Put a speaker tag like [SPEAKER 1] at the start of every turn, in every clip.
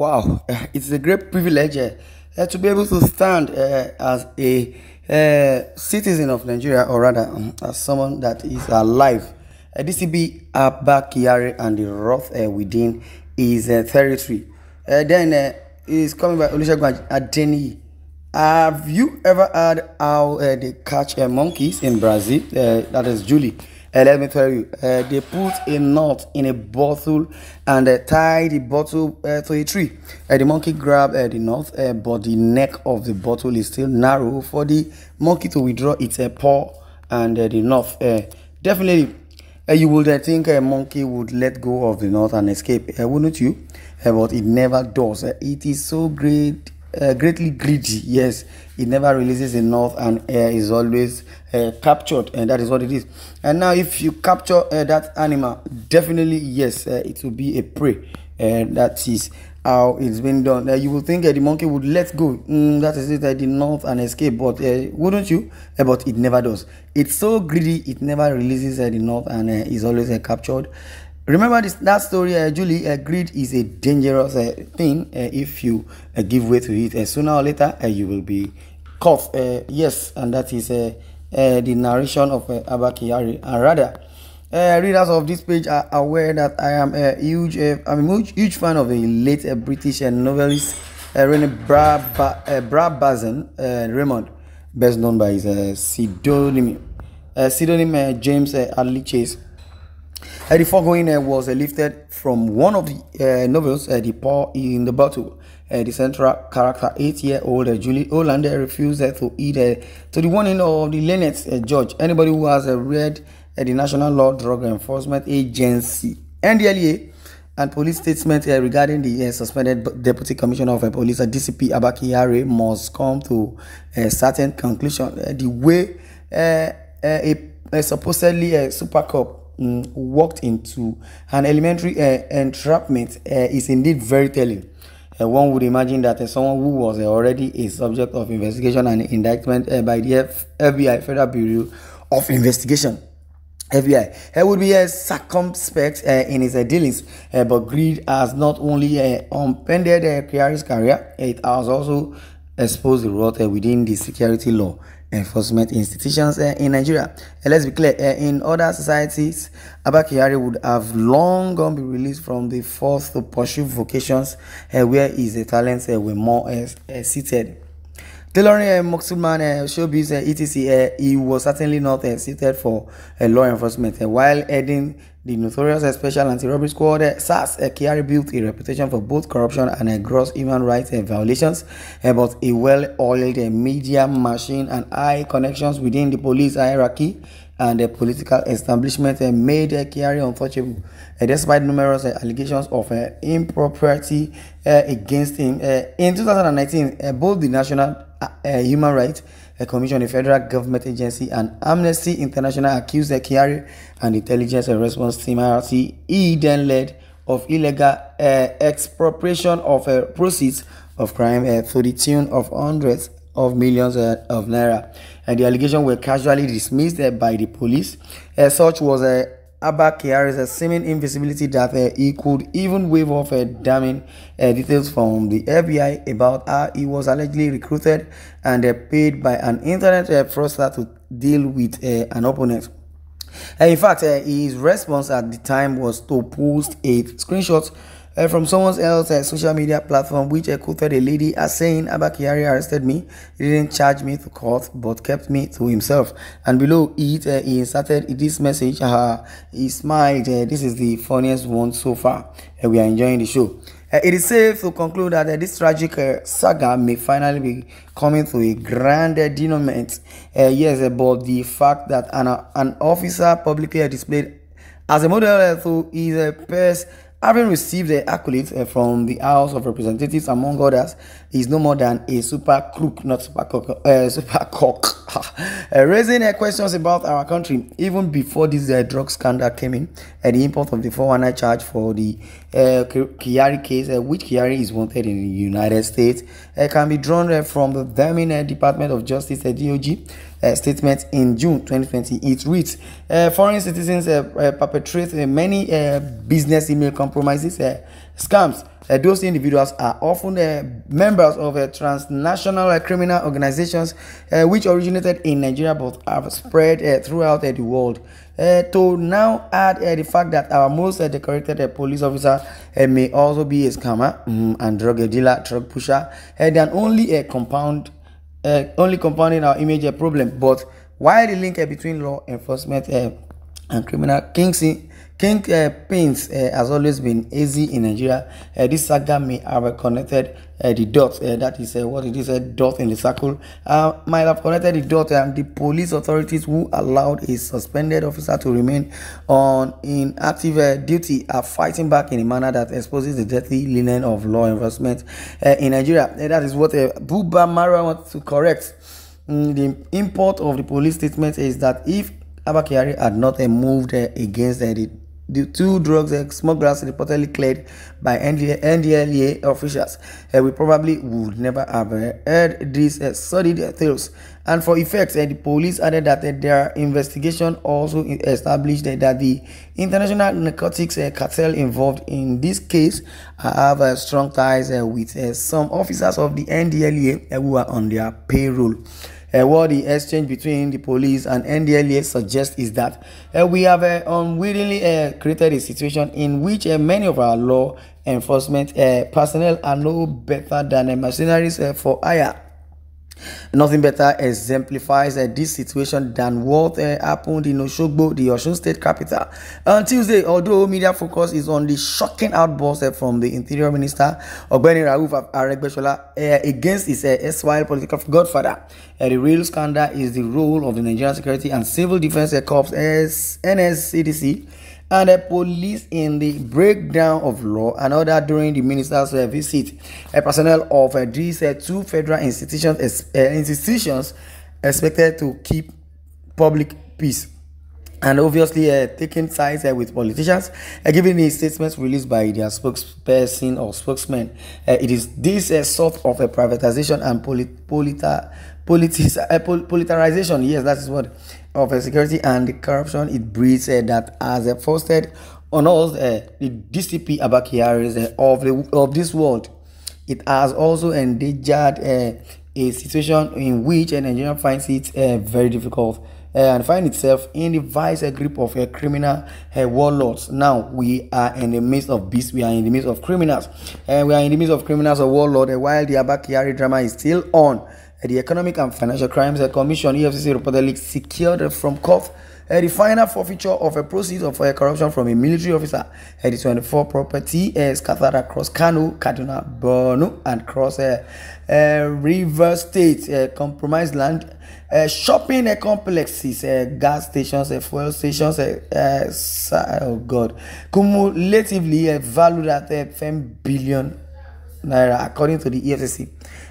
[SPEAKER 1] Wow, eh, it's a great privilege uh, to be able to stand uh, as a uh, citizen of Nigeria, or rather, um, as someone that is alive. Uh, be Abba Kyari and the wrath uh, within his uh, territory. Uh, then uh, is coming by Olusegun Adeniyi. Have you ever heard how uh, they catch uh, monkeys in Brazil? Uh, that is Julie. Uh, let me tell you, uh, they put a knot in a bottle and uh, tie the bottle to a tree. the monkey grabbed the knot, but the neck of the bottle is still narrow for the monkey to withdraw its paw and the knot. definitely, you would think a monkey would let go of the knot and escape, wouldn't you? but it never does. it is so great Uh, greatly greedy. Yes, it never releases enough, and air is always uh, captured, and that is what it is. And now, if you capture uh, that animal, definitely yes, uh, it will be a prey. And uh, that is how it's been done. you will think eh, the monkey would let go. Mm, that is it. I did not and escape, but eh, wouldn't you? Eh, but it never does. It's so greedy. It never releases the north and is always captured. Remember this, that story, uh, Julie, uh, greed is a dangerous uh, thing. Uh, if you uh, give way to it, uh, sooner or later, you will be caught. yes, and that is the narration of uh, Abba Kiyari. And rather, readers of this page are aware that I am a huge, I'm a huge, huge fan of the late British novelist René Brabazon Raymond, best known by his pseudonym, pseudonym James Adley Chase. Uh, the foregoing uh, was uh, lifted from one of the uh, novels, uh, The Paw in the Bottle. Uh, the central character, eight-year-old Julie Olander, refused to heed to the warning of the Lennox judge. Anybody who has read the National Law Drug Enforcement Agency, NDLEA, and police statement regarding the suspended Deputy Commissioner of Police, DCP Abakiyare, must come to a certain conclusion. the way a, a supposedly a super cop um, mm, walked into an elementary uh, entrapment uh, is indeed very telling. Uh, one would imagine that uh, someone who was uh, already a subject of investigation and indictment uh, by the F- FBI Federal Bureau of Investigation. FBI. He would be uh, circumspect uh, in his uh, dealings, uh, but greed has not only uh, upended uh, Kiari's career, it has also exposed the rot uh, within the security law enforcement institutions uh, in Nigeria. Uh, let's be clear, uh, in other societies, Abba would have long gone be released from the force to pursue vocations eh, where his talents were more seated. Tailoring uh, Moxman uh, showbiz uh, etc. Uh, he was certainly not uh, seated for uh, law enforcement uh, while heading The notorious Special Anti-Robbery Squad (SAS) Kyari built a reputation for both corruption and gross human rights violations, but a well-oiled media machine and high connections within the police hierarchy and the political establishment made Kyari untouchable. Eh, despite numerous eh, allegations of eh, impropriety against him, in 2019, both the National Human Rights a commission, a federal government agency, and Amnesty International accused the Kiari and Intelligence and Response Team RCE then led of illegal uh, expropriation of uh, proceeds of crime uh, to the tune of hundreds of millions uh, of naira. And the allegations were casually dismissed uh, by the police. Uh, such was a Abba carries a seeming invisibility that uh, he could even wave off uh, damning uh, details from the FBI about how he was allegedly recruited and uh, paid by an internet uh, fraudster to deal with uh, an opponent. in fact, his response at the time was to post a screenshot uh, from someone else, a social media platform, which I quoted a lady as saying, Abba Kyari arrested me. He didn't charge me to court, but kept me to himself. And below it, uh, he inserted this message. Uh, he smiled. Uh, this is the funniest one so far. Uh, we are enjoying the show. Uh, it is safe to conclude that uh, this tragic uh, saga may finally be coming to a grand denouement. Uh, yes, but the fact that an, an officer publicly displayed as a model to his person having received the accolades uh, eh, from the House of Representatives, among others, is no more than a super crook, not super cock, uh, super cock. uh, raising questions about our country even before this drug scandal came in, and the import of the 419 charge for the Kiari case, which Kiari is wanted in the United States, can be drawn from the Department of Justice, uh, DOG, Uh, statement in June 2020. It reads uh, Foreign citizens uh, uh perpetrate uh, many business email compromises, scams. those individuals are often members of transnational criminal organizations which originated in Nigeria but have spread throughout the world. to now add the fact that our most decorated police officer may also be a scammer mm, and drug dealer, drug pusher, then only a compound uh, only compounding our image problem. But why the link between law enforcement uh, and criminal? Kingsley King uh, uh, has always been easy in Nigeria. Uh, this saga may have connected uh, the dots. Uh, that is uh, what it is, a dot in the circle. Uh, might have connected the dot and the police authorities who allowed a suspended officer to remain on in active uh, duty are fighting back in a manner that exposes the dirty linen of law enforcement uh, in Nigeria. Uh, that is what uh, Buba Mara wants to correct. Mm, the import of the police statement is that if Abakari had not moved against the the two drugs eh, smugglers reportedly cleared by NDLA officials. Uh, we probably would never have uh, heard these uh, solid tales. And for effects, the police added that their investigation also established that the international narcotics cartel involved in this case have strong ties with some officers of the NDLA who are on their payroll. uh, what the exchange between the police and NDLA suggests is that uh, we have uh, unwittingly uh, created a situation in which uh, many of our law enforcement uh, personnel are no better than uh, mercenaries uh, for hire. Nothing better exemplifies uh, this situation than what uh, happened in Oshogbo, the Osun state capital. On Tuesday, although media focus is on the shocking outburst uh, from the Interior Minister Ogbeni Rauf Aregbesola uh, against his uh, erstwhile political godfather, uh, the real scandal is the role of the Nigerian Security and Civil Defense Corps, NSCDC, and the police in the breakdown of law and other during the minister's uh, visit. A personnel of uh, these uh, two federal institutions, uh, institutions expected to keep public peace. and obviously uh, taking sides uh, with politicians uh, giving the statements released by their spokesperson or spokesman uh, it is this uh, sort of a privatization and polit- polita- politis- uh, pol- politarization yes that is what of uh, security and the corruption it breeds uh, that has uh, fostered on all uh, the dcp abakiaris uh, of the of this world it has also endangered uh, a situation in which uh, nigeria finds it uh, very difficult uh, and find itself in the vice grip of a criminal a uh, warlords. Now we are in the midst of beasts, we are in the midst of criminals, and uh, we are in the midst of criminals or warlords while the Abakari drama is still on. the Economic and Financial Crimes Commission EFCC reportedly secured from court the final forfeiture of a proceeds of a corruption from a military officer the 24 property uh, scattered across Kano, Kaduna, Borno, and across uh, uh, River State, uh, compromised land, uh, shopping uh, complexes, uh, gas stations, uh, fuel stations, uh, uh, oh God, cumulatively uh, valued at uh, 10 billion naira, according to the EFCC.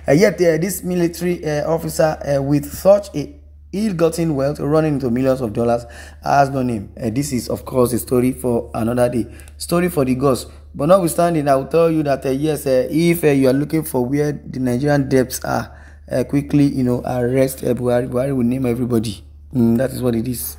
[SPEAKER 1] Uh, yet, uh, this military uh, officer uh, with such a ill-gotten wealth running into millions of dollars has no name. Uh, this is, of course, a story for another day. Story for the gods. But notwithstanding, I will tell you that uh, yes, uh, if uh, you are looking for where the Nigerian debts are, uh, quickly, you know, arrest uh, Buhari. Buhari will name everybody. Mm, that is what it is.